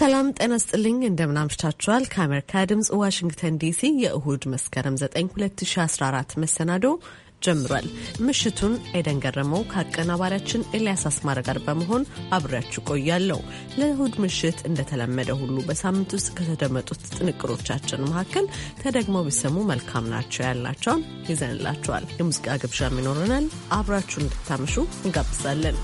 ሰላም ጤና ስጥልኝ። እንደምን አምሽታችኋል? ከአሜሪካ ድምፅ ዋሽንግተን ዲሲ የእሁድ መስከረም 9 2014 መሰናዶ ጀምሯል። ምሽቱን ኤደን ገረመው ከአቀናባሪያችን ኤልያስ አስማረ ጋር በመሆን አብሬያችሁ ቆያለሁ። ለእሁድ ምሽት እንደተለመደ ሁሉ በሳምንት ውስጥ ከተደመጡት ጥንቅሮቻችን መካከል ተደግመው ቢሰሙ መልካም ናቸው ያልናቸውን ይዘንላችኋል። የሙዚቃ ግብዣም ይኖረናል። አብራችሁ እንድታመሹ እንጋብዛለን።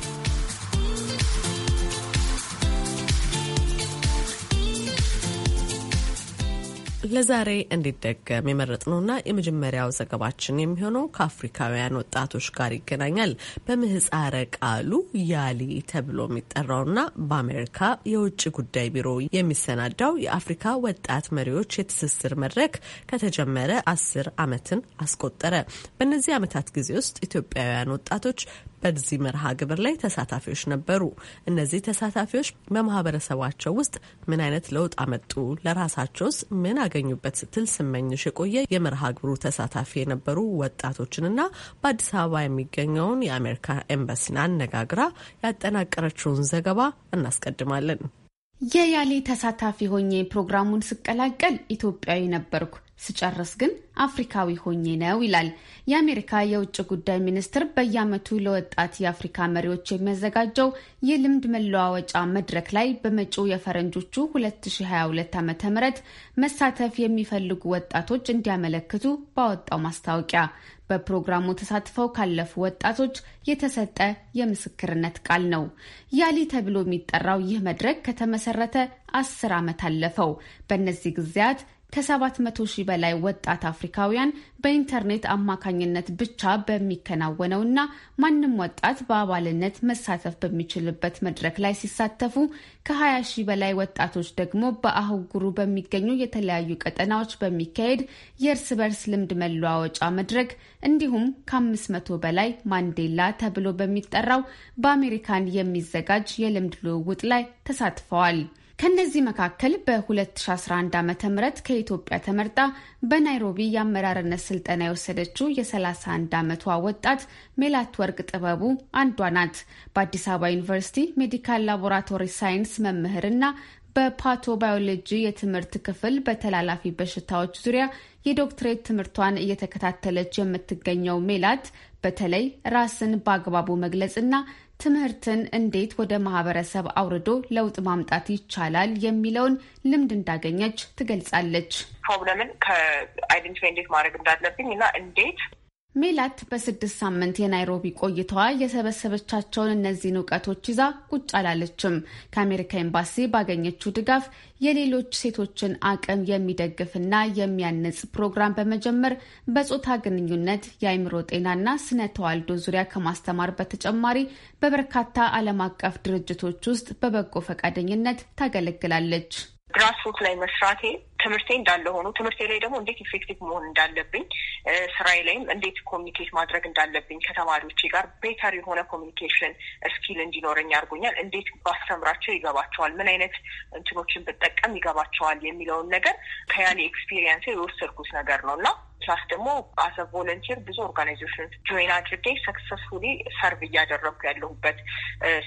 ለዛሬ እንዲደገም የመረጥነውና የመጀመሪያው ዘገባችን የሚሆነው ከአፍሪካውያን ወጣቶች ጋር ይገናኛል። በምህፃረ ቃሉ ያሊ ተብሎ የሚጠራውና በአሜሪካ የውጭ ጉዳይ ቢሮ የሚሰናዳው የአፍሪካ ወጣት መሪዎች የትስስር መድረክ ከተጀመረ አስር ዓመትን አስቆጠረ። በእነዚህ ዓመታት ጊዜ ውስጥ ኢትዮጵያውያን ወጣቶች በዚህ መርሃ ግብር ላይ ተሳታፊዎች ነበሩ። እነዚህ ተሳታፊዎች በማህበረሰባቸው ውስጥ ምን አይነት ለውጥ አመጡ፣ ለራሳቸውስ ምን አገኙበት ስትል ስመኝሽ የቆየ የመርሃ ግብሩ ተሳታፊ የነበሩ ወጣቶችንና በአዲስ አበባ የሚገኘውን የአሜሪካ ኤምባሲን አነጋግራ ያጠናቀረችውን ዘገባ እናስቀድማለን። የያሌ ተሳታፊ ሆኜ ፕሮግራሙን ስቀላቀል ኢትዮጵያዊ ነበርኩ። ስጨርስ ግን አፍሪካዊ ሆኜ ነው ይላል። የአሜሪካ የውጭ ጉዳይ ሚኒስቴር በየዓመቱ ለወጣት የአፍሪካ መሪዎች የሚያዘጋጀው የልምድ መለዋወጫ መድረክ ላይ በመጪው የፈረንጆቹ 2022 ዓ ም መሳተፍ የሚፈልጉ ወጣቶች እንዲያመለክቱ ባወጣው ማስታወቂያ በፕሮግራሙ ተሳትፈው ካለፉ ወጣቶች የተሰጠ የምስክርነት ቃል ነው። ያሊ ተብሎ የሚጠራው ይህ መድረክ ከተመሰረተ አስር ዓመት አለፈው። በእነዚህ ጊዜያት ከ700 ሺህ በላይ ወጣት አፍሪካውያን በኢንተርኔት አማካኝነት ብቻ በሚከናወነውና ማንም ወጣት በአባልነት መሳተፍ በሚችልበት መድረክ ላይ ሲሳተፉ ከ20 ሺህ በላይ ወጣቶች ደግሞ በአህጉሩ በሚገኙ የተለያዩ ቀጠናዎች በሚካሄድ የእርስ በርስ ልምድ መለዋወጫ መድረክ እንዲሁም ከ500 በላይ ማንዴላ ተብሎ በሚጠራው በአሜሪካን የሚዘጋጅ የልምድ ልውውጥ ላይ ተሳትፈዋል። ከነዚህ መካከል በ2011 ዓ ም ከኢትዮጵያ ተመርጣ በናይሮቢ የአመራርነት ስልጠና የወሰደችው የ31 ዓመቷ ወጣት ሜላት ወርቅ ጥበቡ አንዷ ናት። በአዲስ አበባ ዩኒቨርሲቲ ሜዲካል ላቦራቶሪ ሳይንስ መምህርና ባዮሎጂ የትምህርት ክፍል በተላላፊ በሽታዎች ዙሪያ የዶክትሬት ትምህርቷን እየተከታተለች የምትገኘው ሜላት በተለይ ራስን በአግባቡ መግለጽና ትምህርትን እንዴት ወደ ማህበረሰብ አውርዶ ለውጥ ማምጣት ይቻላል የሚለውን ልምድ እንዳገኘች ትገልጻለች። ፕሮብለምን ከአይደንቲፋይ እንዴት ማድረግ እንዳለብኝ እና እንዴት ሜላት በስድስት ሳምንት የናይሮቢ ቆይታዋ የሰበሰበቻቸውን እነዚህን እውቀቶች ይዛ ቁጭ አላለችም። ከአሜሪካ ኤምባሲ ባገኘችው ድጋፍ የሌሎች ሴቶችን አቅም የሚደግፍና የሚያንጽ ፕሮግራም በመጀመር በጾታ ግንኙነት፣ የአእምሮ ጤናና ስነ ተዋልዶ ዙሪያ ከማስተማር በተጨማሪ በበርካታ ዓለም አቀፍ ድርጅቶች ውስጥ በበጎ ፈቃደኝነት ታገለግላለች። ግራስሩት ላይ መስራቴ ትምህርቴ እንዳለ ሆኖ ትምህርቴ ላይ ደግሞ እንዴት ኢፌክቲቭ መሆን እንዳለብኝ፣ ስራዬ ላይም እንዴት ኮሚኒኬት ማድረግ እንዳለብኝ ከተማሪዎቼ ጋር ቤተር የሆነ ኮሚኒኬሽን ስኪል እንዲኖረኝ አድርጎኛል። እንዴት ባስተምራቸው ይገባቸዋል፣ ምን አይነት እንትኖችን ብጠቀም ይገባቸዋል የሚለውን ነገር ከያኔ ኤክስፒሪየንስ የወሰድኩት ነገር ነው እና ፕላስ ደግሞ አዘ ቮለንቲር ብዙ ኦርጋናይዜሽን ጆይን አድርጌ ሰክሰስፉሊ ሰርቭ እያደረግኩ ያለሁበት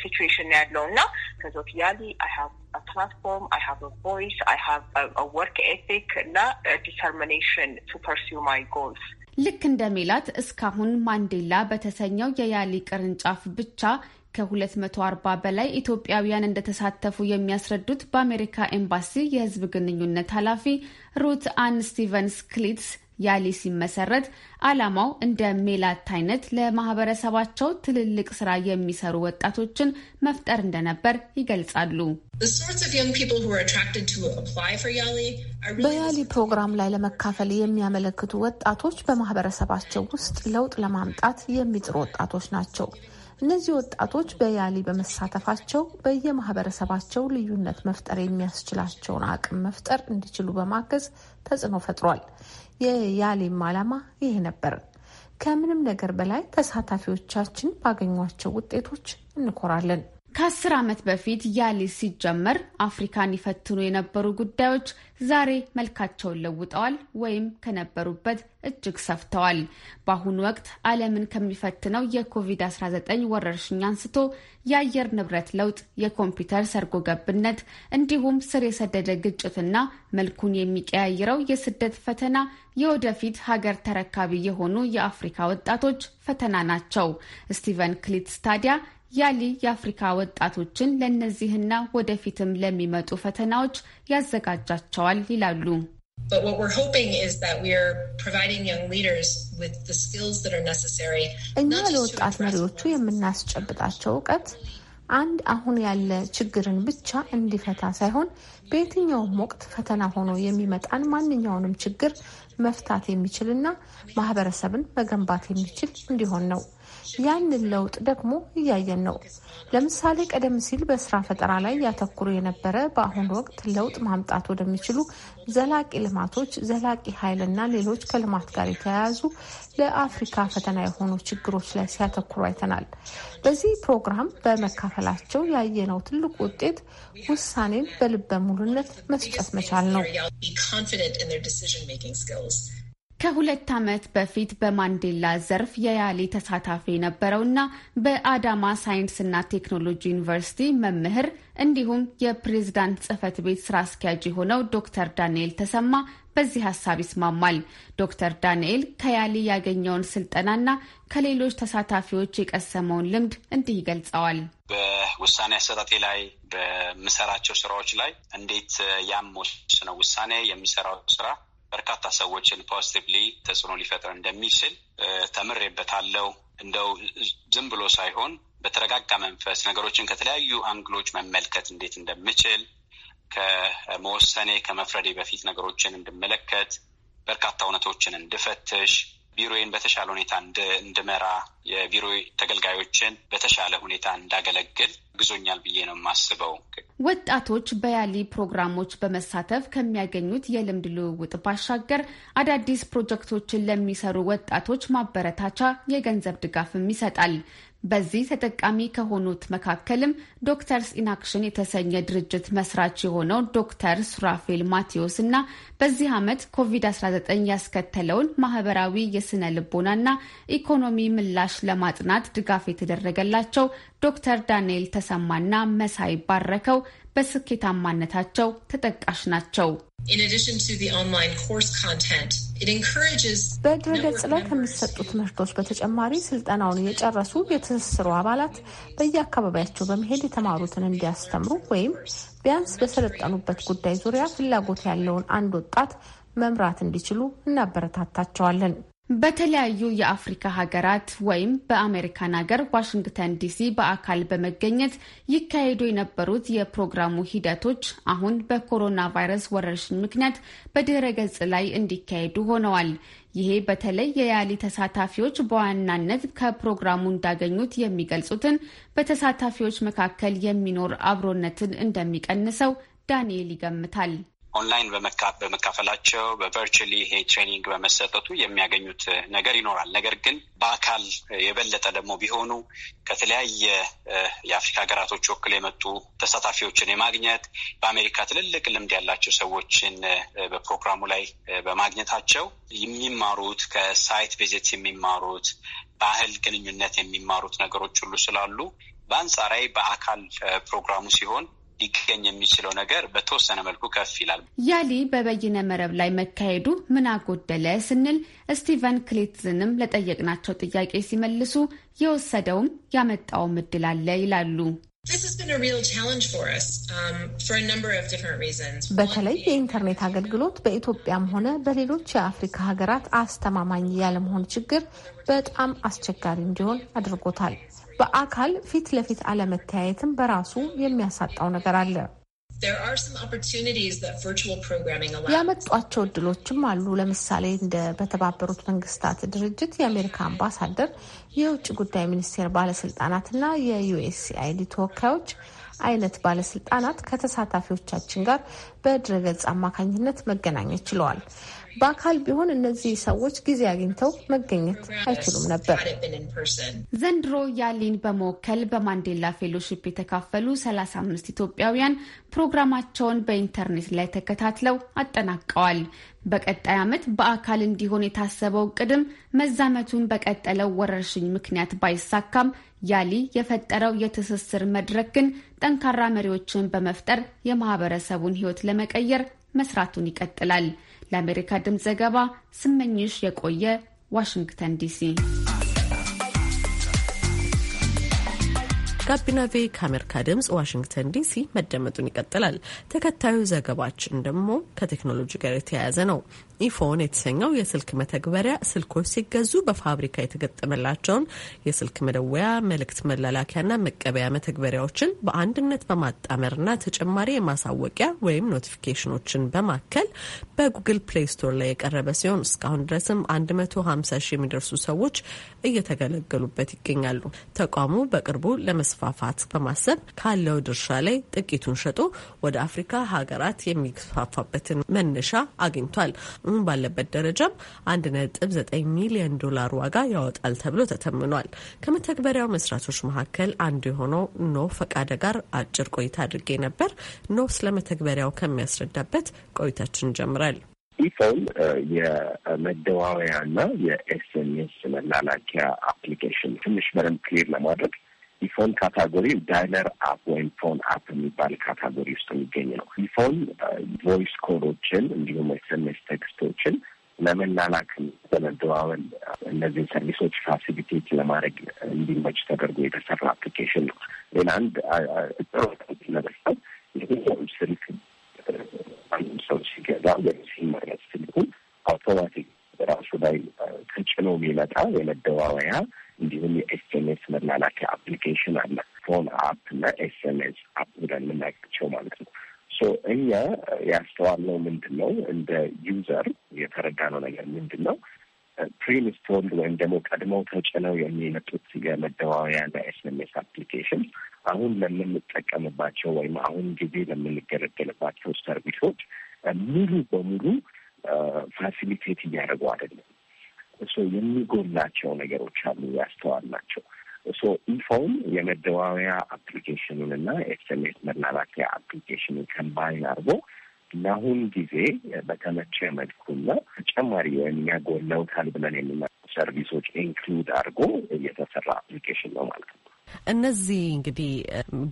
ሲትዌሽን ያለው እና ከዚ ያሊ አይ ሀቭ ፕላትፎርም አይ ሀቭ ቮይስ አይ ሀቭ ወርክ ኤቲክ እና ዲተርሚኔሽን ቱ ፐርሲው ማይ ጎልስ ልክ እንደ ሜላት እስካሁን ማንዴላ በተሰኘው የያሊ ቅርንጫፍ ብቻ ከ240 በላይ ኢትዮጵያውያን እንደተሳተፉ የሚያስረዱት በአሜሪካ ኤምባሲ የሕዝብ ግንኙነት ኃላፊ ሩት አን ስቲቨንስ ክሊትስ ያሊ ሲመሰረት ዓላማው እንደ ሜላት አይነት ለማህበረሰባቸው ትልልቅ ስራ የሚሰሩ ወጣቶችን መፍጠር እንደነበር ይገልጻሉ። በያሊ ፕሮግራም ላይ ለመካፈል የሚያመለክቱ ወጣቶች በማህበረሰባቸው ውስጥ ለውጥ ለማምጣት የሚጥሩ ወጣቶች ናቸው። እነዚህ ወጣቶች በያሊ በመሳተፋቸው በየማህበረሰባቸው ልዩነት መፍጠር የሚያስችላቸውን አቅም መፍጠር እንዲችሉ በማገዝ ተጽዕኖ ፈጥሯል። የያሌም ዓላማ ይሄ ነበር። ከምንም ነገር በላይ ተሳታፊዎቻችን ባገኟቸው ውጤቶች እንኮራለን። ከአስር ዓመት በፊት ያሊ ሲጀመር አፍሪካን ይፈትኑ የነበሩ ጉዳዮች ዛሬ መልካቸውን ለውጠዋል ወይም ከነበሩበት እጅግ ሰፍተዋል። በአሁኑ ወቅት ዓለምን ከሚፈትነው የኮቪድ-19 ወረርሽኝ አንስቶ የአየር ንብረት ለውጥ፣ የኮምፒውተር ሰርጎ ገብነት እንዲሁም ስር የሰደደ ግጭትና መልኩን የሚቀያይረው የስደት ፈተና የወደፊት ሀገር ተረካቢ የሆኑ የአፍሪካ ወጣቶች ፈተና ናቸው። ስቲቨን ክሊትስ ታዲያ ያሊ የአፍሪካ ወጣቶችን ለእነዚህና ወደፊትም ለሚመጡ ፈተናዎች ያዘጋጃቸዋል ይላሉ። እኛ ለወጣት መሪዎቹ የምናስጨብጣቸው እውቀት አንድ አሁን ያለ ችግርን ብቻ እንዲፈታ ሳይሆን በየትኛውም ወቅት ፈተና ሆኖ የሚመጣን ማንኛውንም ችግር መፍታት የሚችልና ማህበረሰብን መገንባት የሚችል እንዲሆን ነው። ያንን ለውጥ ደግሞ እያየን ነው። ለምሳሌ ቀደም ሲል በስራ ፈጠራ ላይ ያተኩሩ የነበረ በአሁኑ ወቅት ለውጥ ማምጣት ወደሚችሉ ዘላቂ ልማቶች፣ ዘላቂ ኃይልና ሌሎች ከልማት ጋር የተያያዙ ለአፍሪካ ፈተና የሆኑ ችግሮች ላይ ሲያተኩሩ አይተናል። በዚህ ፕሮግራም በመካፈላቸው ያየነው ትልቁ ውጤት ውሳኔን በልበ ሙሉነት መስጠት መቻል ነው። ከሁለት ዓመት በፊት በማንዴላ ዘርፍ የያሌ ተሳታፊ የነበረውና በአዳማ ሳይንስና ቴክኖሎጂ ዩኒቨርሲቲ መምህር እንዲሁም የፕሬዝዳንት ጽህፈት ቤት ስራ አስኪያጅ የሆነው ዶክተር ዳንኤል ተሰማ በዚህ ሀሳብ ይስማማል። ዶክተር ዳንኤል ከያሌ ያገኘውን ስልጠናና ከሌሎች ተሳታፊዎች የቀሰመውን ልምድ እንዲህ ይገልጸዋል። በውሳኔ አሰጣጤ ላይ በምሰራቸው ስራዎች ላይ እንዴት ያም ወስነው ውሳኔ የሚሰራው ስራ በርካታ ሰዎችን ፖዚቲቭሊ ተጽዕኖ ሊፈጥር እንደሚችል ተምሬበታለሁ። እንደው ዝም ብሎ ሳይሆን በተረጋጋ መንፈስ ነገሮችን ከተለያዩ አንግሎች መመልከት እንዴት እንደምችል ከመወሰኔ ከመፍረዴ በፊት ነገሮችን እንድመለከት በርካታ እውነቶችን እንድፈትሽ ቢሮዬን በተሻለ ሁኔታ እንድመራ የቢሮ ተገልጋዮችን በተሻለ ሁኔታ እንዳገለግል ግዞኛል ብዬ ነው የማስበው። ወጣቶች በያሊ ፕሮግራሞች በመሳተፍ ከሚያገኙት የልምድ ልውውጥ ባሻገር አዳዲስ ፕሮጀክቶችን ለሚሰሩ ወጣቶች ማበረታቻ የገንዘብ ድጋፍም ይሰጣል። በዚህ ተጠቃሚ ከሆኑት መካከልም ዶክተርስ ኢናክሽን የተሰኘ ድርጅት መስራች የሆነው ዶክተር ሱራፌል ማቴዎስ እና በዚህ ዓመት ኮቪድ-19 ያስከተለውን ማህበራዊ የስነ ልቦናና ኢኮኖሚ ምላሽ ለማጥናት ድጋፍ የተደረገላቸው ዶክተር ዳንኤል ተሰማና መሳይ ባረከው በስኬታማነታቸው ተጠቃሽ ናቸው። In addition to the online course content, በድረገጽ ላይ ከሚሰጡት ትምህርቶች በተጨማሪ ስልጠናውን የጨረሱ የትስስሩ አባላት በየአካባቢያቸው በመሄድ የተማሩትን እንዲያስተምሩ ወይም ቢያንስ በሰለጠኑበት ጉዳይ ዙሪያ ፍላጎት ያለውን አንድ ወጣት መምራት እንዲችሉ እናበረታታቸዋለን። በተለያዩ የአፍሪካ ሀገራት ወይም በአሜሪካን ሀገር ዋሽንግተን ዲሲ በአካል በመገኘት ይካሄዱ የነበሩት የፕሮግራሙ ሂደቶች አሁን በኮሮና ቫይረስ ወረርሽኝ ምክንያት በድረ ገጽ ላይ እንዲካሄዱ ሆነዋል። ይሄ በተለይ የያሊ ተሳታፊዎች በዋናነት ከፕሮግራሙ እንዳገኙት የሚገልጹትን በተሳታፊዎች መካከል የሚኖር አብሮነትን እንደሚቀንሰው ዳንኤል ይገምታል። ኦንላይን በመካፈላቸው በቨርቹዋሊ ይሄ ትሬኒንግ በመሰጠቱ የሚያገኙት ነገር ይኖራል። ነገር ግን በአካል የበለጠ ደግሞ ቢሆኑ ከተለያየ የአፍሪካ ሀገራቶች ወክል የመጡ ተሳታፊዎችን የማግኘት በአሜሪካ ትልልቅ ልምድ ያላቸው ሰዎችን በፕሮግራሙ ላይ በማግኘታቸው የሚማሩት ከሳይት ቪዚት የሚማሩት ባህል ግንኙነት የሚማሩት ነገሮች ሁሉ ስላሉ በአንጻራዊ በአካል ፕሮግራሙ ሲሆን ሊገኝ የሚችለው ነገር በተወሰነ መልኩ ከፍ ይላል። ያሊ በበይነ መረብ ላይ መካሄዱ ምን አጎደለ ስንል ስቲቨን ክሌትዝንም ለጠየቅናቸው ጥያቄ ሲመልሱ የወሰደውም ያመጣውም እድል አለ ይላሉ። um, በተለይ የኢንተርኔት አገልግሎት በኢትዮጵያም ሆነ በሌሎች የአፍሪካ ሀገራት አስተማማኝ ያለመሆን ችግር በጣም አስቸጋሪ እንዲሆን አድርጎታል። በአካል ፊት ለፊት አለመተያየትም በራሱ የሚያሳጣው ነገር አለ። ያመጧቸው እድሎችም አሉ። ለምሳሌ እንደ በተባበሩት መንግስታት ድርጅት የአሜሪካ አምባሳደር፣ የውጭ ጉዳይ ሚኒስቴር ባለስልጣናት እና የዩኤስአይዲ ተወካዮች አይነት ባለስልጣናት ከተሳታፊዎቻችን ጋር በድረገጽ አማካኝነት መገናኘት ችለዋል። በአካል ቢሆን እነዚህ ሰዎች ጊዜ አግኝተው መገኘት አይችሉም ነበር። ዘንድሮ ያሊን በመወከል በማንዴላ ፌሎሺፕ የተካፈሉ 35 ኢትዮጵያውያን ፕሮግራማቸውን በኢንተርኔት ላይ ተከታትለው አጠናቀዋል። በቀጣይ ዓመት በአካል እንዲሆን የታሰበው ቅድም መዛመቱን በቀጠለው ወረርሽኝ ምክንያት ባይሳካም ያሊ የፈጠረው የትስስር መድረክ ግን ጠንካራ መሪዎችን በመፍጠር የማህበረሰቡን ሕይወት ለመቀየር መስራቱን ይቀጥላል። ለአሜሪካ ድምፅ ዘገባ ስመኝሽ የቆየ ዋሽንግተን ዲሲ ጋቢና ቬ ከአሜሪካ ድምፅ ዋሽንግተን ዲሲ መደመጡን ይቀጥላል። ተከታዩ ዘገባችን ደግሞ ከቴክኖሎጂ ጋር የተያያዘ ነው። ኢፎን የተሰኘው የስልክ መተግበሪያ ስልኮች ሲገዙ በፋብሪካ የተገጠመላቸውን የስልክ መደወያ፣ መልእክት መላላኪያና መቀበያ መተግበሪያዎችን በአንድነት በማጣመርና ተጨማሪ የማሳወቂያ ወይም ኖቲፊኬሽኖችን በማከል በጉግል ፕሌይ ስቶር ላይ የቀረበ ሲሆን እስካሁን ድረስም 150 ሺህ የሚደርሱ ሰዎች እየተገለገሉበት ይገኛሉ። ተቋሙ በቅርቡ ለመስፋ ለማስፋፋት በማሰብ ካለው ድርሻ ላይ ጥቂቱን ሸጦ ወደ አፍሪካ ሀገራት የሚስፋፋበትን መነሻ አግኝቷል። አሁን ባለበት ደረጃም ዘጠኝ ሚሊዮን ዶላር ዋጋ ያወጣል ተብሎ ተተምኗል። ከመተግበሪያው መስራቶች መካከል አንዱ የሆነው ኖ ፈቃደ ጋር አጭር ቆይታ አድርጌ ነበር። ኖ ስለ መተግበሪያው ከሚያስረዳበት ቆይታችን ጀምራል። ኢፎን የመደዋወያና የኤስኤምኤስ መላላኪያ አፕሊኬሽን ትንሽ በደንብ ክሊር ለማድረግ ኢፎን ካታጎሪ ዳይለር አፕ ወይም ፎን አፕ የሚባል ካታጎሪ ውስጥ የሚገኝ ነው። ኢፎን ቮይስ ኮዶችን እንዲሁም ኤስ ኤም ኤስ ቴክስቶችን ለመላላክ ለመደዋወል እነዚህን ሰርቪሶች ፋሲሊቴት ለማድረግ እንዲመች ተደርጎ የተሰራ አፕሊኬሽን ነው። ሌላ አንድ ለመስጠት ይህም ስልክ አንድ ሰው ሲገዛ ወይም ሲመረት ስልኩን አውቶማቲክ ራሱ ላይ ተጭኖ የሚመጣ የመደዋወያ እንዲሁም የኤስኤምኤስ መላላኪያ አፕሊኬሽን አለ። ፎን አፕ እና ኤስኤምኤስ አፕ ብለን የምናቸው ማለት ነው። ሶ እኛ ያስተዋልነው ምንድን ነው እንደ ዩዘር የተረዳነው ነገር ምንድን ነው ፕሪኢንስቶልድ ወይም ደግሞ ቀድመው ተጭነው የሚመጡት የመደዋወያና ኤስኤምኤስ አፕሊኬሽን አሁን ለምንጠቀምባቸው ወይም አሁን ጊዜ ለምንገለገልባቸው ሰርቪሶች ሙሉ በሙሉ ፋሲሊቴት እያደረጉ አይደለም። ሰው የሚጎላቸው ነገሮች አሉ ያስተዋል ናቸው። ኢፎን የመደዋወያ አፕሊኬሽኑን እና ኤስኤምኤስ መላላኪያ አፕሊኬሽኑን ከምባይን አድርጎ ለአሁን ጊዜ በተመቸ መልኩና ተጨማሪ ወይም ያጎለውታል ብለን የምና ሰርቪሶች ኢንክሉድ አድርጎ እየተሰራ አፕሊኬሽን ነው ማለት ነው። እነዚህ እንግዲህ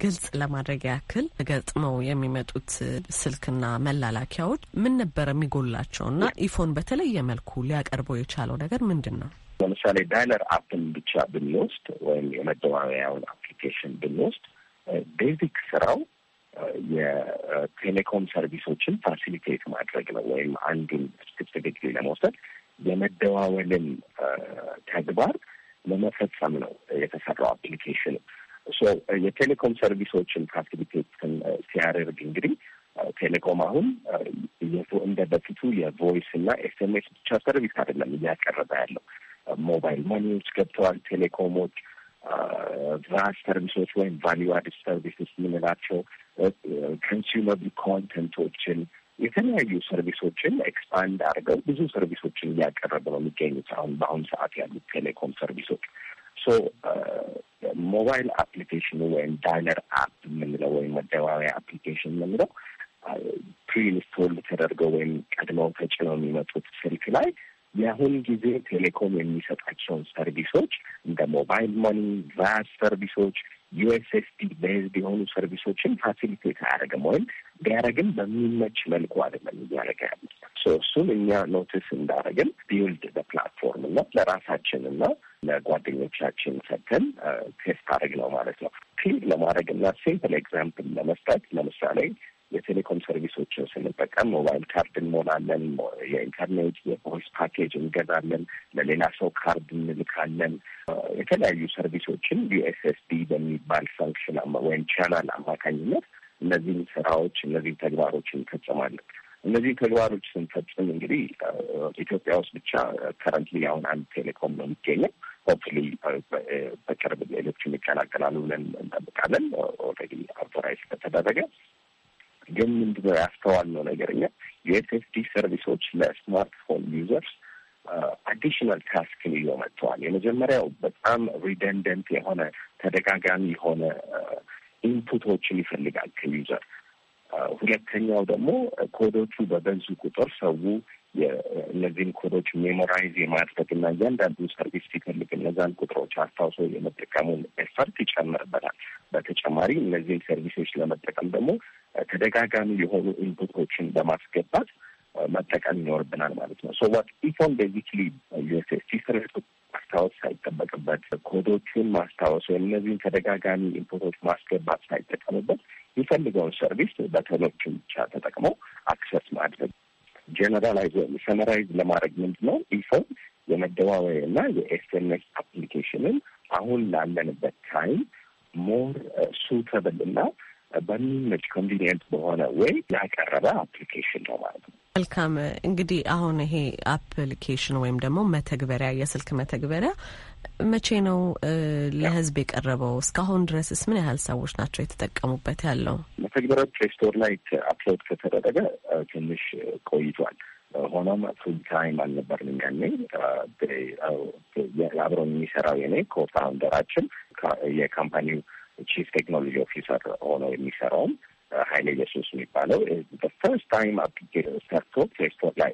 ግልጽ ለማድረግ ያክል ገጥመው የሚመጡት ስልክና መላላኪያዎች ምን ነበር የሚጎላቸው እና ኢፎን በተለየ መልኩ ሊያቀርበው የቻለው ነገር ምንድን ነው? ለምሳሌ ዳይለር አፕን ብቻ ብንወስድ ወይም የመደዋወያውን አፕሊኬሽን ብንወስድ ቤዚክ ስራው የቴሌኮም ሰርቪሶችን ፋሲሊቴት ማድረግ ነው ወይም አንዱን ስፔሲፊክሊ ለመውሰድ የመደዋወልን ተግባር ለመፈጸም ነው የተሰራው አፕሊኬሽን። የቴሌኮም ሰርቪሶችን ፋሲሊቴት ሲያደርግ እንግዲህ ቴሌኮም አሁን እንደ በፊቱ የቮይስ እና ኤስኤምኤስ ብቻ ሰርቪስ አይደለም እያቀረበ ያለው። ሞባይል ማኒዎች ገብተዋል። ቴሌኮሞች ቫስ ሰርቪሶች ወይም ቫሊዩ አዲስ ሰርቪስ የምንላቸው ኮንሱመብል ኮንተንቶችን የተለያዩ ሰርቪሶችን ኤክስፓንድ አድርገው ብዙ ሰርቪሶችን እያቀረበ ነው የሚገኙት አሁን በአሁኑ ሰዓት ያሉት ቴሌኮም ሰርቪሶች ሶ ሞባይል አፕሊኬሽኑ ወይም ዳይለር አፕ የምንለው ወይም መደዋወያ አፕሊኬሽን የምንለው ፕሪኢንስቶል uh, ተደርገው ወይም ቀድመው ተጭነው የሚመጡት ስልክ ላይ የአሁን ጊዜ ቴሌኮም የሚሰጣቸውን ሰርቪሶች እንደ ሞባይል መኒ፣ ቫስ ሰርቪሶች፣ ዩኤስኤስዲ ቤዝድ የሆኑ ሰርቪሶችን ፋሲሊቴት አያደርግም ወይም ቢያደረግም በሚመች መልኩ አይደለም እያደረገ ያለ እሱን እኛ ኖቲስ እንዳደረግን ቢውልድ በፕላትፎርም እና ለራሳችን እና ለጓደኞቻችን ሰተን ቴስት አድረግ ነው ማለት ነው። ክሊር ለማድረግ እና ሲምፕል ኤግዛምፕል ለመስጠት ለምሳሌ የቴሌኮም ሰርቪሶችን ስንጠቀም ሞባይል ካርድ እንሞላለን፣ የኢንተርኔት የቮይስ ፓኬጅ እንገዛለን፣ ለሌላ ሰው ካርድ እንልካለን። የተለያዩ ሰርቪሶችን ዩኤስኤስዲ በሚባል ፈንክሽን ወይም ቻናል አማካኝነት እነዚህን ስራዎች እነዚህን ተግባሮች እንፈጽማለን። እነዚህ ተግባሮች ስንፈጽም እንግዲህ ኢትዮጵያ ውስጥ ብቻ ከረንትሊ አሁን አንድ ቴሌኮም ነው የሚገኘው። ሆፕሊ በቅርብ ሌሎች ይቀላቀላሉ ብለን እንጠብቃለን። ኦልሬዲ አውቶራይዝ ከተደረገ ግን ምንድነው ያስተዋልነው ነገር እኛ የኤስኤስዲ ሰርቪሶች ለስማርትፎን ዩዘርስ አዲሽናል ታስክን ይዞ መጥተዋል። የመጀመሪያው በጣም ሪደንደንት የሆነ ተደጋጋሚ የሆነ ኢንፑቶችን ይፈልጋል ከዩዘር። ሁለተኛው ደግሞ ኮዶቹ በበዙ ቁጥር ሰው እነዚህን ኮዶች ሜሞራይዝ የማድረግ እና እያንዳንዱ ሰርቪስ ሲፈልግ እነዛን ቁጥሮች አስታውሶ የመጠቀሙን ኤፈርት ይጨምርበታል። በተጨማሪ እነዚህን ሰርቪሶች ለመጠቀም ደግሞ ተደጋጋሚ የሆኑ ኢንፑቶችን በማስገባት መጠቀም ይኖርብናል ማለት ነው። ሶ ዋት ኢፎን ቤዚክሊ ዩኤስኤስቲ ስርቶ ኮዶቹን ማስታወስ ወይም እነዚህን ተደጋጋሚ ኢንፑቶች ማስገባት ሳይጠቀምበት የሚፈልገውን ሰርቪስ በተኖችን ብቻ ተጠቅመው አክሰስ ማድረግ ጀነራላይዝ ወይም ሰመራይዝ ለማድረግ ምንድ ነው ኢፎን የመደዋወያ እና የኤስኤምኤስ አፕሊኬሽንን አሁን ላለንበት ታይም ሞር ሱተብል እና በሚመች ኮንቪኒየንት በሆነ ወይ ያቀረበ አፕሊኬሽን ነው ማለት ነው። መልካም እንግዲህ አሁን ይሄ አፕሊኬሽን ወይም ደግሞ መተግበሪያ የስልክ መተግበሪያ መቼ ነው ለህዝብ የቀረበው? እስካሁን ድረስስ ምን ያህል ሰዎች ናቸው የተጠቀሙበት? ያለው መተግበሪያው ፕሌይ ስቶር ላይ አፕሎድ ከተደረገ ትንሽ ቆይቷል። ሆኖም ፉል ታይም አልነበርንም ያኔ። አብሮን የሚሰራው የኔ ኮፋውንደራችን የካምፓኒው ቺፍ ቴክኖሎጂ ኦፊሰር ሆኖ የሚሰራውም ሀይሌ ኢየሱስ የሚባለው በፈርስት ታይም አፕ ሰርቶ ፕሌይ ስቶር ላይ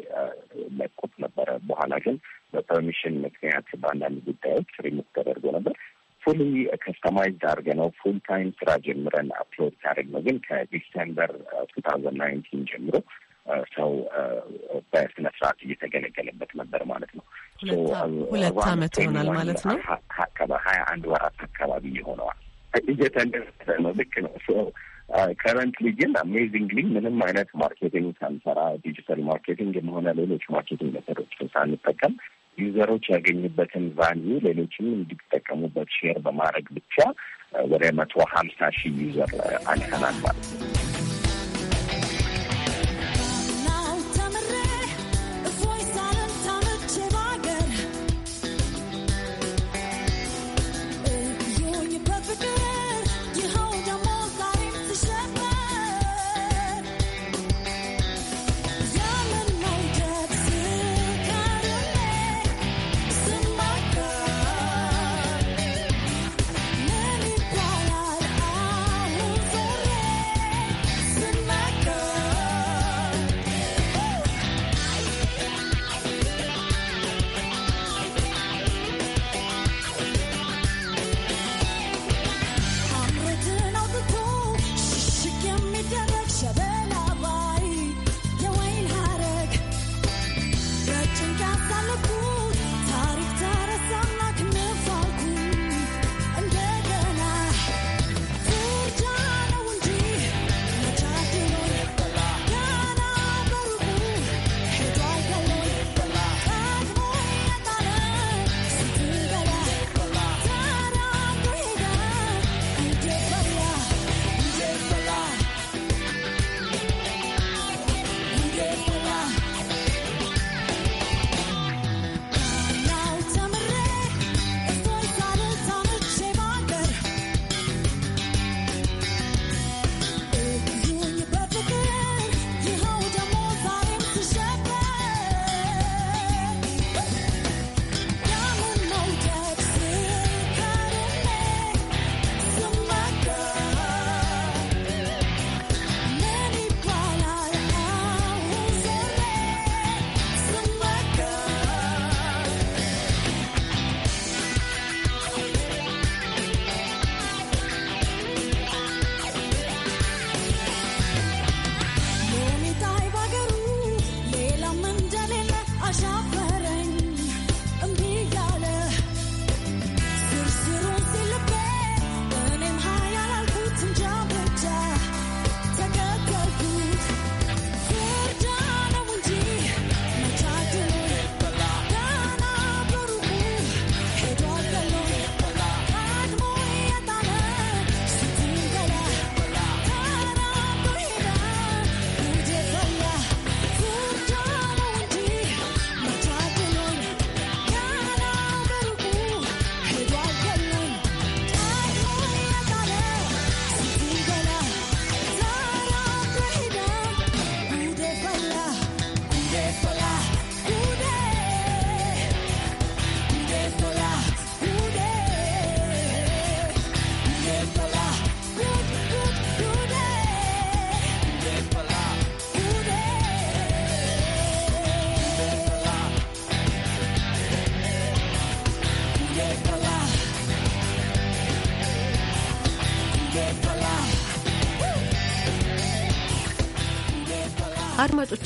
ለቁት ነበረ። በኋላ ግን በፐርሚሽን ምክንያት በአንዳንድ ጉዳዮች ሪሙቭ ተደርጎ ነበር። ፉሊ ከስተማይዝ አድርገ ነው ፉል ታይም ስራ ጀምረን አፕሎድ ያደርግ ነው። ግን ከዲሴምበር ቱ ታውዘንድ ናይንቲን ጀምሮ ሰው በስነ ስርዓት እየተገለገለበት ነበር ማለት ነው። ሁለት uh, አመት ይሆናል ማለት ነው። ሀያ አንድ ወራት አካባቢ ይሆነዋል እየተንደረሰ ነው። ልክ ነው። ከረንትሊ uh, ግን አሜዚንግሊ ምንም አይነት ማርኬቲንግ ሳንሰራ ዲጂታል ማርኬቲንግ የሆነ ሌሎች ማርኬቲንግ መሰዶች ሳንጠቀም ዩዘሮች ያገኙበትን ቫልዩ ሌሎችም እንዲጠቀሙበት ሼር በማድረግ ብቻ ወደ መቶ ሀምሳ ሺህ ዩዘር አልተናል ማለት ነው።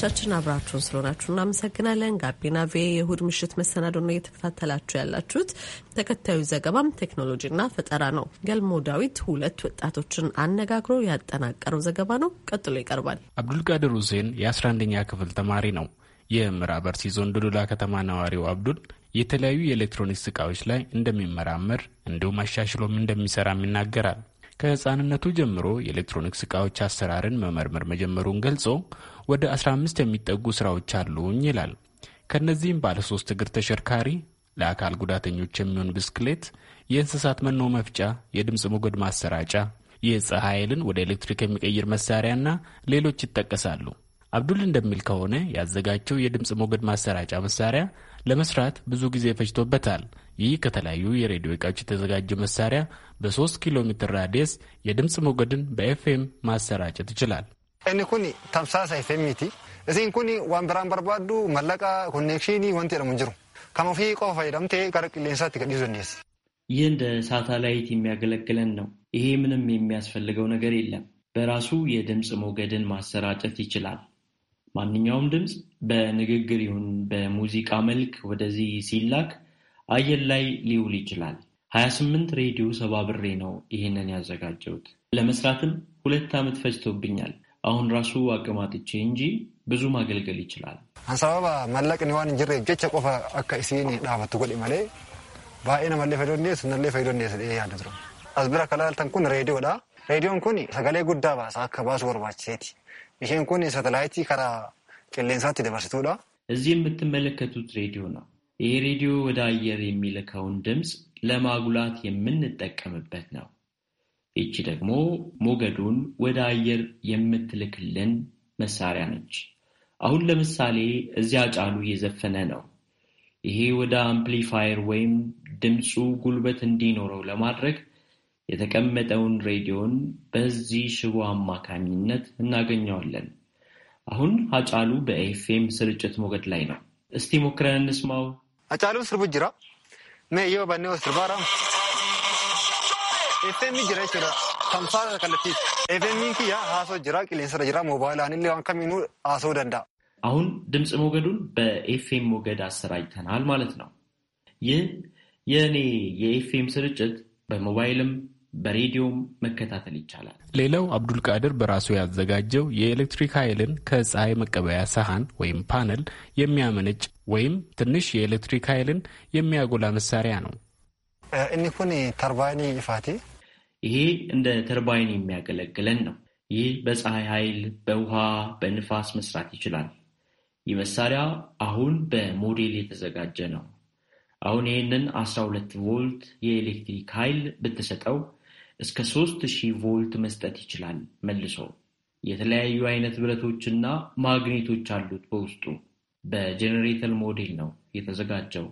አድማጮቻችን አብራችሁን ስለሆናችሁ እናመሰግናለን። ጋቢና ቪ የእሁድ ምሽት መሰናዶ ነው እየተከታተላችሁ ያላችሁት። ተከታዩ ዘገባም ቴክኖሎጂና ፈጠራ ነው። ገልሞ ዳዊት ሁለት ወጣቶችን አነጋግሮ ያጠናቀረው ዘገባ ነው፣ ቀጥሎ ይቀርባል። አብዱልቃድር ሁሴን የ11ኛ ክፍል ተማሪ ነው። የምዕራብ አርሲ ዞን ዶዶላ ከተማ ነዋሪው አብዱል የተለያዩ የኤሌክትሮኒክስ እቃዎች ላይ እንደሚመራመር እንዲሁም አሻሽሎም እንደሚሰራም ይናገራል። ከህፃንነቱ ጀምሮ የኤሌክትሮኒክስ እቃዎች አሰራርን መመርመር መጀመሩን ገልጾ ወደ 15 የሚጠጉ ስራዎች አሉኝ ይላል። ከእነዚህም ባለሶስት እግር ተሽከርካሪ፣ ለአካል ጉዳተኞች የሚሆን ብስክሌት፣ የእንስሳት መኖ መፍጫ፣ የድምፅ ሞገድ ማሰራጫ፣ የፀሐይ ኃይልን ወደ ኤሌክትሪክ የሚቀይር መሳሪያና ሌሎች ይጠቀሳሉ። አብዱል እንደሚል ከሆነ ያዘጋጀው የድምፅ ሞገድ ማሰራጫ መሳሪያ ለመስራት ብዙ ጊዜ ፈጅቶበታል። ይህ ከተለያዩ የሬዲዮ ዕቃዎች የተዘጋጀ መሳሪያ በ3 ኪሎ ሜትር ራዲየስ የድምፅ ሞገድን በኤፍኤም ማሰራጨት ይችላል። inni kun tamsaasa FM'ti. Isin kun waan biraan barbaaddu mallaqa konneekshinii wanti jedhamu jiru. Kan ofii qofa fayyadamtee gara qilleensaatti gadhiisu dandeessi. ይህ እንደ ሳተላይት የሚያገለግለን ነው። ይሄ ምንም የሚያስፈልገው ነገር የለም። በራሱ የድምፅ ሞገድን ማሰራጨት ይችላል። ማንኛውም ድምፅ በንግግር ይሁን በሙዚቃ መልክ ወደዚህ ሲላክ አየር ላይ ሊውል ይችላል። 28 ሬዲዮ ሰባ ነው ይህንን ያዘጋጀሁት። ለመስራትም ሁለት ዓመት ፈጅቶብኛል። አሁን ራሱ አቀማጥቼ እንጂ ብዙ ማገልገል ይችላል። አንሰባባ መለቅን ዋን እንጅሬ ጀቸ ቆፈ አካ ሲኒ ዳፈቱ ጎ መሌ ባኤነ ፈዶኔ ፈዶኔስ ፈዶኔ ስ ያድሮ አስብራ ከላልተን ኩን ሬዲዮ ዳ ሬዲዮን ኩን ሰገሌ ጉዳ ባሳ አካ ባሱ ወርባችሴቲ ይሄን ኩን ሳተላይቲ ከራ ቅሌንሳት ደበርሲቱ ዳ እዚህ የምትመለከቱት ሬዲዮ ነው። ይሄ ሬዲዮ ወደ አየር የሚልከውን ድምፅ ለማጉላት የምንጠቀምበት ነው። ይቺ ደግሞ ሞገዱን ወደ አየር የምትልክልን መሳሪያ ነች። አሁን ለምሳሌ እዚያ ጫሉ እየዘፈነ ነው። ይሄ ወደ አምፕሊፋየር ወይም ድምፁ ጉልበት እንዲኖረው ለማድረግ የተቀመጠውን ሬዲዮን በዚህ ሽቦ አማካኝነት እናገኘዋለን። አሁን አጫሉ በኤፍኤም ስርጭት ሞገድ ላይ ነው። እስቲ ሞክረን እንስማው። አጫሉ ስርቡ ጅራ ሜዮ ባኔ ስርባራ FM jira jechuudha. Tamsaasa kallattii. FM kiyya haasoo jira, qilleensarra jira, moobaayilaanin waan kamiinuu haasoo danda'a. አሁን ድምፅ ሞገዱን በኤፍኤም ሞገድ አሰራጭተናል ማለት ነው። ይህ የእኔ የኤፍኤም ስርጭት በሞባይልም በሬዲዮም መከታተል ይቻላል። ሌላው አብዱልቃድር በራሱ ያዘጋጀው የኤሌክትሪክ ኃይልን ከፀሐይ መቀበያ ሰሃን ወይም ፓነል የሚያመነጭ ወይም ትንሽ የኤሌክትሪክ ኃይልን የሚያጎላ መሳሪያ ነው። እኒ ይሄ እንደ ተርባይን የሚያገለግለን ነው። ይህ በፀሐይ ኃይል፣ በውሃ፣ በንፋስ መስራት ይችላል። ይህ መሳሪያ አሁን በሞዴል የተዘጋጀ ነው። አሁን ይህንን 12 ቮልት የኤሌክትሪክ ኃይል ብትሰጠው እስከ 3000 ቮልት መስጠት ይችላል። መልሶ የተለያዩ አይነት ብረቶችና ማግኔቶች አሉት። በውስጡ በጄኔሬተር ሞዴል ነው የተዘጋጀው።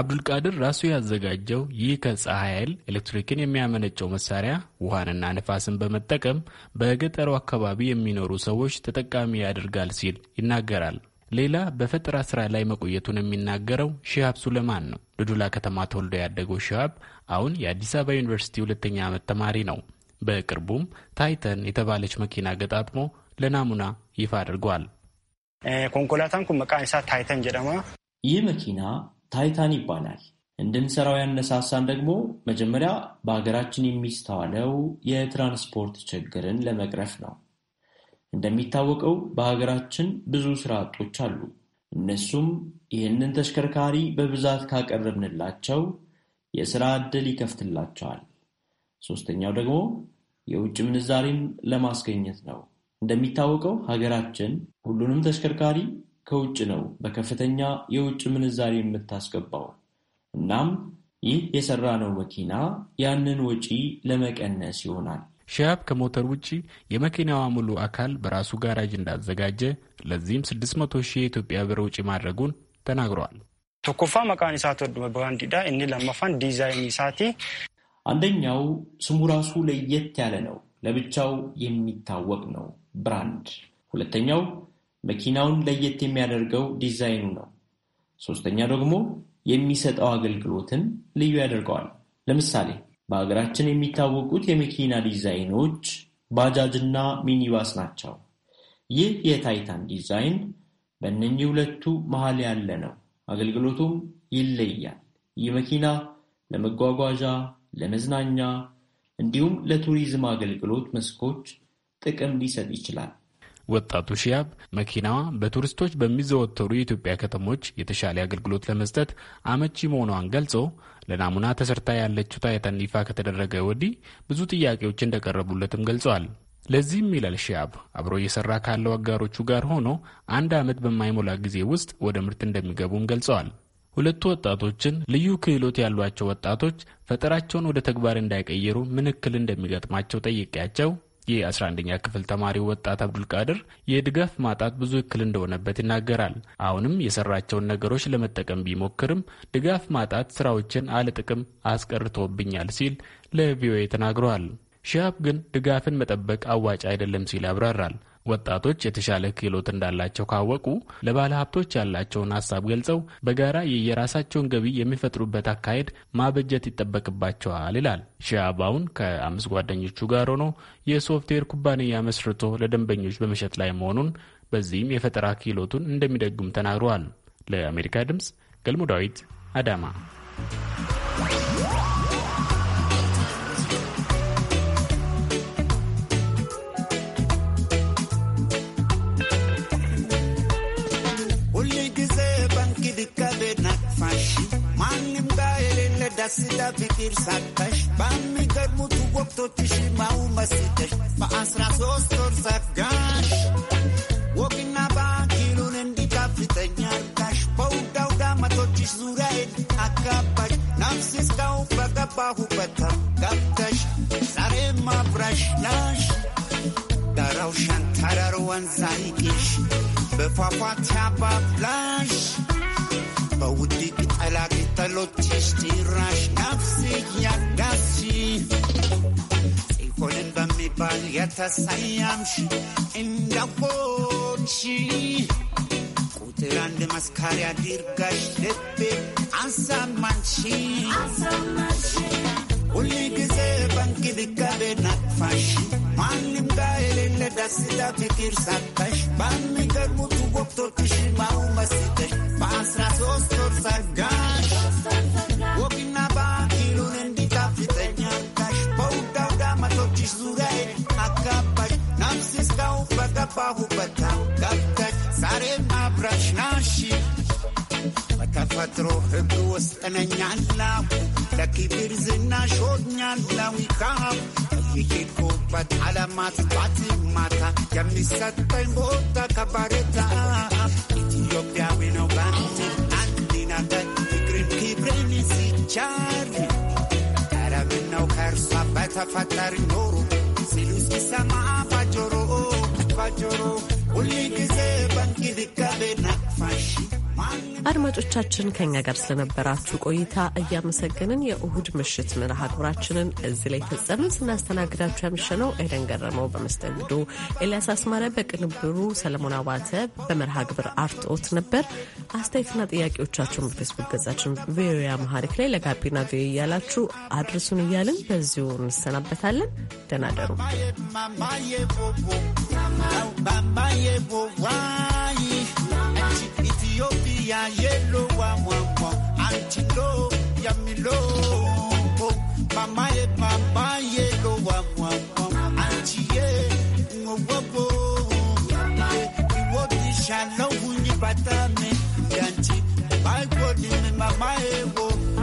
አብዱልቃድር ራሱ ያዘጋጀው ይህ ከፀሐይ ኃይል ኤሌክትሪክን የሚያመነጨው መሳሪያ ውሃንና ነፋስን በመጠቀም በገጠሩ አካባቢ የሚኖሩ ሰዎች ተጠቃሚ ያደርጋል ሲል ይናገራል። ሌላ በፈጠራ ስራ ላይ መቆየቱን የሚናገረው ሺሃብ ሱለማን ነው። ዱዱላ ከተማ ተወልዶ ያደገው ሺሃብ አሁን የአዲስ አበባ ዩኒቨርሲቲ ሁለተኛ ዓመት ተማሪ ነው። በቅርቡም ታይተን የተባለች መኪና ገጣጥሞ ለናሙና ይፋ አድርጓል። ኮንኮላታን ኩን መቃን ታይተን ጀደማ ይህ መኪና ታይታን ይባላል። እንድንሰራው ያነሳሳን ደግሞ መጀመሪያ በሀገራችን የሚስተዋለው የትራንስፖርት ችግርን ለመቅረፍ ነው። እንደሚታወቀው በሀገራችን ብዙ ስራ አጦች አሉ። እነሱም ይህንን ተሽከርካሪ በብዛት ካቀረብንላቸው የስራ ዕድል ይከፍትላቸዋል። ሶስተኛው ደግሞ የውጭ ምንዛሪን ለማስገኘት ነው። እንደሚታወቀው ሀገራችን ሁሉንም ተሽከርካሪ ከውጭ ነው በከፍተኛ የውጭ ምንዛሪ የምታስገባው። እናም ይህ የሰራነው መኪና ያንን ወጪ ለመቀነስ ይሆናል። ሸሃብ ከሞተር ውጪ የመኪናዋ ሙሉ አካል በራሱ ጋራጅ እንዳዘጋጀ ለዚህም 600 ሺህ የኢትዮጵያ ብር ውጪ ማድረጉን ተናግረዋል። ቶኮፋ መቃን ሳት ወድ በባንዲዳ እኒ ለማፋን ዲዛይን ሳቴ አንደኛው ስሙ ራሱ ለየት ያለ ነው፣ ለብቻው የሚታወቅ ነው ብራንድ። ሁለተኛው መኪናውን ለየት የሚያደርገው ዲዛይኑ ነው። ሶስተኛ ደግሞ የሚሰጠው አገልግሎትን ልዩ ያደርገዋል። ለምሳሌ በሀገራችን የሚታወቁት የመኪና ዲዛይኖች ባጃጅና ሚኒባስ ናቸው። ይህ የታይታን ዲዛይን በእነኚህ ሁለቱ መሀል ያለ ነው። አገልግሎቱም ይለያል። ይህ መኪና ለመጓጓዣ፣ ለመዝናኛ እንዲሁም ለቱሪዝም አገልግሎት መስኮች ጥቅም ሊሰጥ ይችላል። ወጣቱ ሺያብ መኪናዋ በቱሪስቶች በሚዘወተሩ የኢትዮጵያ ከተሞች የተሻለ አገልግሎት ለመስጠት አመቺ መሆኗን ገልጾ ለናሙና ተሰርታ ያለችው ታይታን ይፋ ከተደረገ ወዲህ ብዙ ጥያቄዎች እንደቀረቡለትም ገልጸዋል። ለዚህም ይላል ሺያብ አብሮ እየሰራ ካለው አጋሮቹ ጋር ሆኖ አንድ ዓመት በማይሞላ ጊዜ ውስጥ ወደ ምርት እንደሚገቡም ገልጸዋል። ሁለቱ ወጣቶችን ልዩ ክህሎት ያሏቸው ወጣቶች ፈጠራቸውን ወደ ተግባር እንዳይቀይሩ ምን እክል እንደሚገጥማቸው ጠይቄያቸው የ11ኛ ክፍል ተማሪ ወጣት አብዱልቃድር የድጋፍ ማጣት ብዙ እክል እንደሆነበት ይናገራል። አሁንም የሰራቸውን ነገሮች ለመጠቀም ቢሞክርም ድጋፍ ማጣት ስራዎችን አለጥቅም አስቀርቶብኛል ሲል ለቪኦኤ ተናግረዋል። ሺሃብ ግን ድጋፍን መጠበቅ አዋጭ አይደለም ሲል ያብራራል። ወጣቶች የተሻለ ክህሎት እንዳላቸው ካወቁ ለባለ ሀብቶች ያላቸውን ሀሳብ ገልጸው በጋራ የየራሳቸውን ገቢ የሚፈጥሩበት አካሄድ ማበጀት ይጠበቅባቸዋል ይላል። ሻባውን ከአምስት ጓደኞቹ ጋር ሆኖ የሶፍትዌር ኩባንያ መስርቶ ለደንበኞች በመሸጥ ላይ መሆኑን በዚህም የፈጠራ ክህሎቱን እንደሚደጉም ተናግረዋል። ለአሜሪካ ድምፅ ገልሙ ዳዊት አዳማ ስለ ፍቅር ሳተሽ በሚገርሙት ወቅቶችሽ ማው መስደሽ በአስራ ሶስት ወር ዘጋሽ ወግና ባህሉን እንዲጣፍጠኝ አርጋሽ በውዳውዳ አውዳመቶችሽ ዙሪያ አካባሽ ነፍሴ እስካሁን በገባሁበት ገብተሽ ዛሬ ማብራሽ ናሽ ዳራው ሸንተረር ወንዝ አይቄሽ በፏፏቴ አባብላሽ በውድቅ ጠላቅጠሎችሽ ጭራሽ ነፍስ እያጋሽ ጽኮልን በሚባል የተሰየምሽ እንደሆንሽ ቁጥር አንድ መስካሪ አድርጋሽ ልቤ አሳማንሽ Uli gizee banki dikkate nakfash. Mani mkaelele dasita fikir sakkash. Bami garbu tu goktor kishil mau masite. Basra sostor sagash. Wokina baki lunendi kafite nyankash. Pouda udama tochish zurai akapash. Namsis kau pagapa hubata. Gapa ተፈጥሮ ህግ ወስነኛላሁ ለክብር ዝናሽ ሆኛለሁ ካብ የሚሄድኩበት ዓለማት ጧት ማታ የሚሰጠኝ ቦታ ከበሬታ ኢትዮጵያዊ ነው ባንቲ አንድ ነገር ፍቅርን ክብርን ሲቻል ረምነው ከእርሷ በተፈጠር ኖሩ ሲሉ ሲሰማ ባጆሮ በጆሮ ሁል ጊዜ በንኪ ልቀቤ ናቅፋሽ አድማጮቻችን ከኛ ጋር ስለነበራችሁ ቆይታ እያመሰገንን የእሁድ ምሽት መርሃ ግብራችንን እዚህ ላይ ፈጸምን። ስናስተናግዳችሁ ያመሸነው ኤደን ገረመው በመስተንግዶ፣ ኤልያስ አስማረ በቅንብሩ፣ ሰለሞን አባተ በመርሃ ግብር አርትኦት ነበር። አስተያየትና ጥያቄዎቻችሁን በፌስቡክ ገጻችን ቪኦኤ አማሃሪክ ላይ ለጋቢና ቪኦኤ እያላችሁ አድርሱን እያልን በዚሁ እንሰናበታለን። ደህና ደሩ። Ethiopia ya yelo wa mwamwa antilo ya milo mama ye papa yelo wa mwamwa antiye ngogogo iwo ti shalom ni batame yanti balgo ni mama ye wo